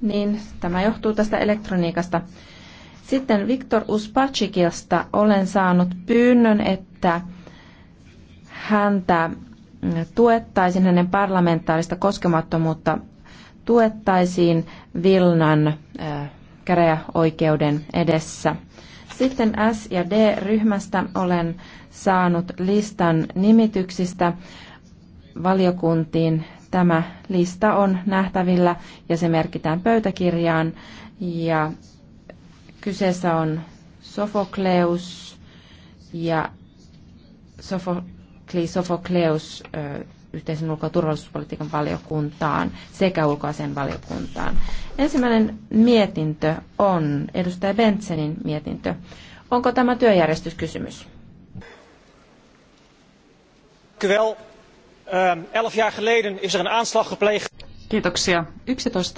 Niin, tämä johtuu tästä elektroniikasta. Sitten Viktor Uspachikilsta olen saanut pyynnön, että häntä tuettaisiin, hänen parlamentaarista koskemattomuutta tuettaisiin Vilnan käräjäoikeuden edessä. Sitten S- ja D-ryhmästä olen saanut listan nimityksistä valiokuntiin. Tämä lista on nähtävillä ja se merkitään pöytäkirjaan. Ja kyseessä on Sofokleus ja Sofokli Sofokleus yhteisen ulko- ja turvallisuuspolitiikan valiokuntaan sekä ulkoasian valiokuntaan. Ensimmäinen mietintö on edustaja Bentsenin mietintö. Onko tämä työjärjestyskysymys? Kyllä. Ehm, 11 jaar geleden is er een aanslag gepleegd. Kiitoksia. 11